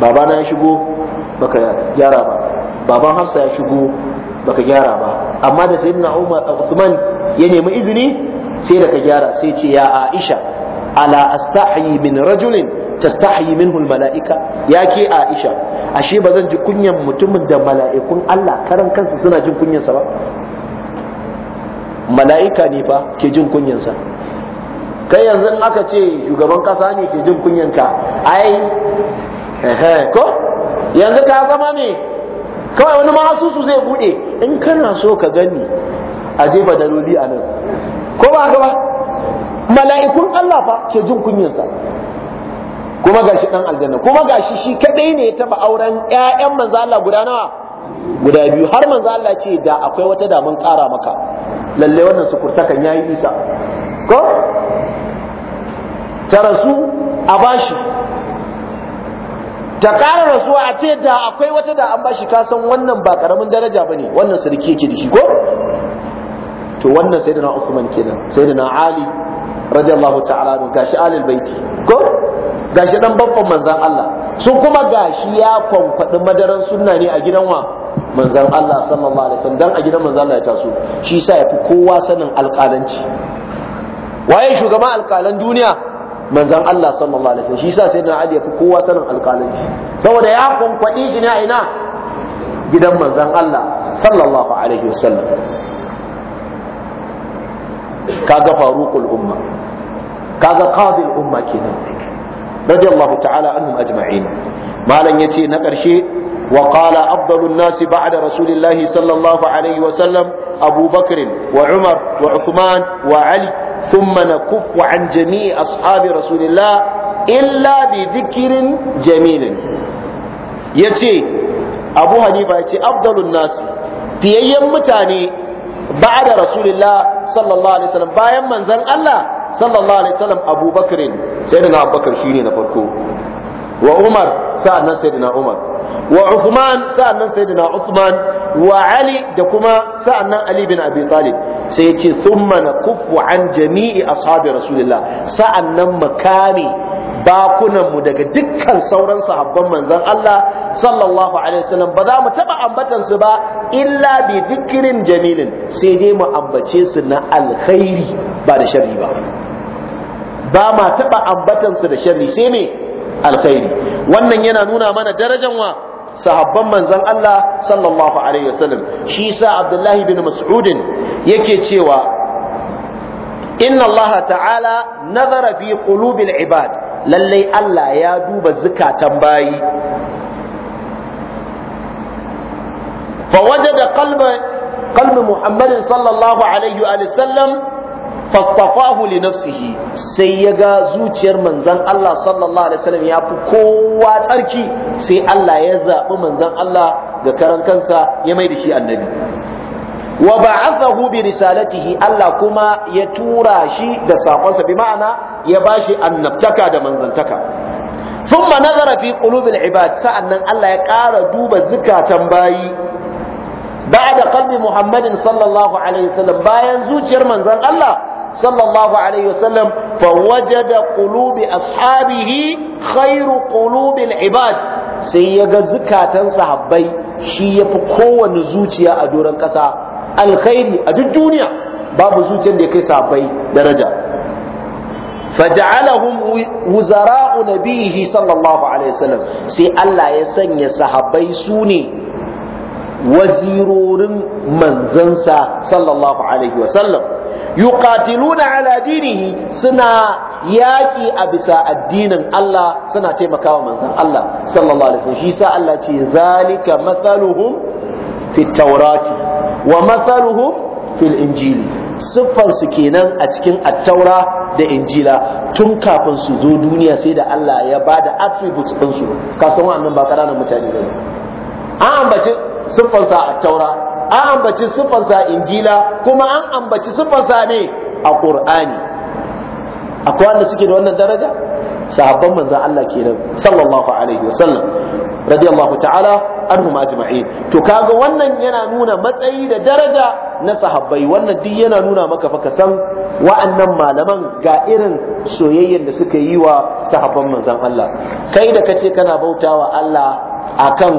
babana ya shigo baka gyara ba baban Hafsa ya shigo baka gyara ba amma da sayyidina Umar Usman ya nemi izini sai da ka gyara sai ce ya Aisha ala astahi min rajulin tastahi minhu mala'ika ya ke Aisha ashe ba zan ji kunyan mutumin da mala'ikun Allah karan kansu suna jin kunyansa ba mala'ika ne fa ke jin kunyansa kai yanzu in aka ce shugaban kasa ne ke jin kunyanka ai ko yanzu ka zama ne kawai wani su zai bude in kana so ka gani a zai daloli a nan ko ba ga ba mala'ikun Allah fa ke jin kunyansa kuma gashi dan aljanna kuma gashi shi kadai ne ya taba auren ƴaƴan manzo Allah guda nawa guda biyu har manzo Allah ce da akwai wata da mun ƙara maka lalle wannan sukurtakan yayi isa ko ta rasu a bashi ta ƙara rasuwa a ce da akwai wata da an bashi ka san wannan ba karamin daraja bane wannan sarki yake da shi ko to wannan sayyidina Uthman kenan sayyidina Ali radiyallahu ta'ala gashi alil baiti ko gashi dan babban manzan Allah sun kuma gashi ya kwankwaɗi madaran sunna ne a gidan wa manzan Allah sallallahu alaihi wasallam dan a gidan manzan Allah ya taso shi sa yafi kowa sanin alƙalanci waye shugaban alƙalan duniya manzan Allah sallallahu alaihi wasallam shi sa sai Ali ya fi kowa sanin alƙalanci saboda ya kwankwaɗi shi ne a ina gidan manzan Allah sallallahu alaihi wasallam kaga faruqul umma kaga qadil umma kenan radiyallahu ta'ala anhum ajma'in malam yace na karshe wa qala afdalun nasi ba'da rasulillahi sallallahu alaihi wa sallam abu wa umar wa uthman wa ali thumma nakuffu an jami'i ashabi rasulillah illa bi dhikrin jamilin yace abu hanifa yace afdalun nasi fiyayyen mutane ba'da rasulillah sallallahu alaihi wasallam bayan manzon Allah sallallahu alaihi wasallam Abu Bakr sayyidina abubakar shine na farko wa umar sa'annan sayyidina umar wa uthman sa'annan sayyidina uthman wa ali da kuma anan ali bin abi talib sai yace thumma nakuffu an jami'i ashabi rasulillah sa'annan makami mu daga dukkan sauran sahabban manzon Allah sallallahu alaihi ba za mu taɓa ambatan su ba illa bi dhikrin jamilin sai dai mu ambace su na alkhairi ba da sharri ba ba ma taɓa ambatansu da sharri sai me alkhairi wannan yana nuna mana darajan wa sahabban manzon Allah sallallahu alaihi wasallam shi sa Abdullahi bin Mas'ud yake cewa inna Allah ta'ala nazara fi qulubil ibad lallai Allah ya duba zukatan bayi Fa قلب قلب محمد صلى الله fastafahu li nafsihi sai ya ga zuciyar manzan Allah sallallahu alaihi wasallam ya fi kowa tsarki sai Allah ya zaɓi manzan Allah ga karan kansa ya mai da shi annabi wa ba'athahu bi risalatihi Allah kuma ya tura shi da sakonsa bi ma'ana ya bashi annabtaka da manzantaka thumma nazara fi qulubil ibad sa'annan Allah ya ƙara duba zukatan bayi بعد قلب محمد صلى الله عليه وسلم باين زوجير من ذن الله صلى الله عليه وسلم فوجد قلوب أصحابه خير قلوب العباد سيجا زكاة صحابي شي يفقوى نزوجيا أدورا كسا الخير أدو الدنيا باب زوجيا لكي صحابي درجة فجعلهم وزراء نبيه صلى الله عليه وسلم سي الله يسن يصحابي سوني wazirorin manzansa sallallahu alaihi wasallam yuqatiluna ala dinihi suna yaƙi a bisa addinin Allah suna taimakawa manzan Allah sallallahu alaihi wasallam shi sa Allah ce zalika mathaluhum fi taurati wa mathaluhum fil injili siffar su kenan a cikin attaura da injila tun kafin su zo duniya sai da Allah ya ba bada attributes ɗinsu kasan wa'annan ba ƙananan mutane ne an ambace siffarsa a taura an ambaci siffarsa a injila kuma an ambaci siffarsa ne a qur'ani akwai wanda suke da wannan daraja sahabban manzan Allah kenan sallallahu alaihi wasallam radiyallahu ta'ala anhum ajma'in to kaga wannan yana nuna matsayi da daraja na sahabbai wannan duk yana nuna maka fa ka san wa'annan malaman ga irin soyayyen da suka yi wa sahabban manzan Allah kai da kace kana bautawa Allah akan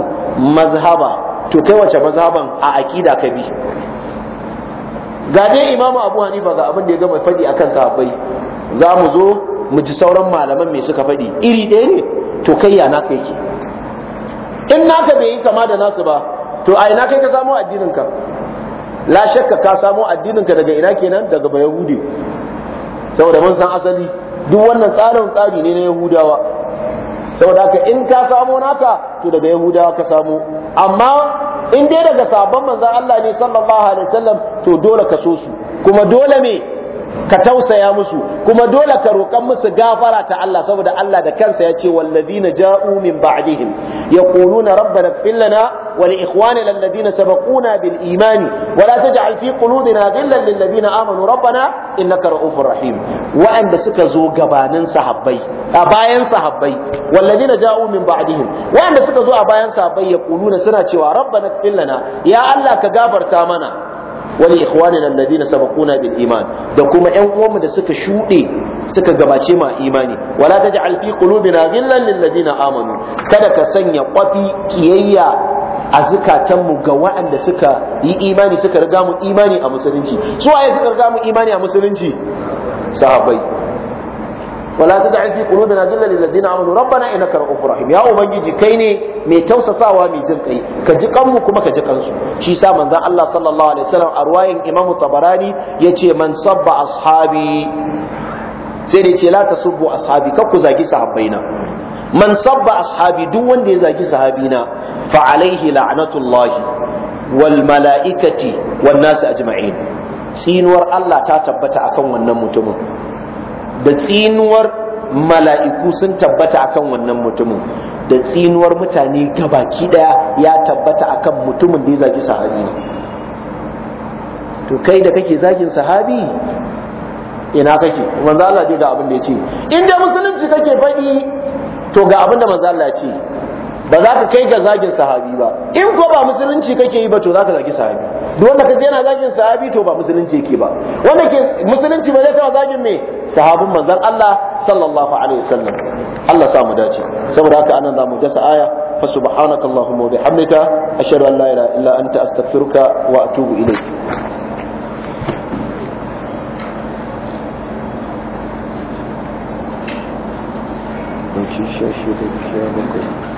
mazhaba to kai wace mazhaban a aqida ka bi ga dai imamu abu hanifa ga abin da ya gama faɗi akan sahabbai za mu zo mu ji sauran malaman me suka faɗi iri ɗaya ne to kai ya naka yake in naka bai yi kama da nasu ba to a ina kai ka samo addinin ka la shakka ka samo addinin ka daga ina kenan daga yahudi saboda mun san asali duk wannan tsarin tsari ne na yahudawa saboda haka in ka samo naka to daga yahudawa ka samo amma in dai daga sabon manzon Allah ne sallallahu alaihi wasallam to dole ka so su kuma dole me ka tausaya musu kuma dole ka roƙan musu gafara ta Allah saboda Allah da kansa ya ce wallazina ja'u min ba'dihim yaquluna rabbana ighfir lana wa li ikhwanina alladhina sabaquna bil imani wa la taj'al fi qulubina ghillan lil ladina amanu rabbana innaka ra'ufur rahim wa'anda suka zo gabanin sahabbai a bayan sahabbai wallazina ja'u min ba'dihim wa'anda suka zo a bayan sahabbai yaquluna suna cewa rabbana ighfir lana ya Allah ka gafarta mana wani ikhwanina na sabakuna bil iman da kuma ƴan uwanmu da suka shuɗe suka gabace ma imani wala taj'al fi qulubina ghillan lil ladina amanu kada ka sanya kwafi kiyayya a zukatanmu ga waɗanda suka yi imani suka riga mu imani a musulunci su waye suka riga mu imani a musulunci sahabbai wala taj'al fi qulubina ghillan lil ladina amanu rabbana ina ra'ufur rahim ya ubangiji kai ne mai tausasawa mai jin kai ka ji kanmu kuma ka ji kansu shi sa manzon Allah sallallahu alaihi wasallam a ruwayan Imam Tabarani yace man sabba ashabi sai da yace la tasubbu ashabi kar ku zagi sahabbaina man sabba ashabi duk wanda ya zagi sahabina fa alaihi la'natullahi wal mala'ikati wan nas ajma'in tsinuwar Allah ta tabbata akan wannan mutumin da tsinuwar mala'iku sun tabbata akan wannan mutumin da tsinuwar mutane gabaki daya ya tabbata akan mutumin da ya zagi sahabi to kai da kake zagin sahabi ina kake manzo Allah dai ga abin da ya ce in da musulunci kake faɗi to ga abin da manzo Allah ya ce ba za ka kai ga zagin sahabi ba in ko ba musulunci kake yi ba to za ka zagi sahabi duk wanda kaje yana zagin sahabi to ba musulunci yake ba wanda ke musulunci ba zai taba zagin me sahabin manzon Allah sallallahu alaihi wasallam Allah sa mu dace saboda haka anan za mu dasa aya fa subhanaka allahumma wa bihamdika ashhadu an la ilaha illa anta astaghfiruka wa atubu ilayk Thank you.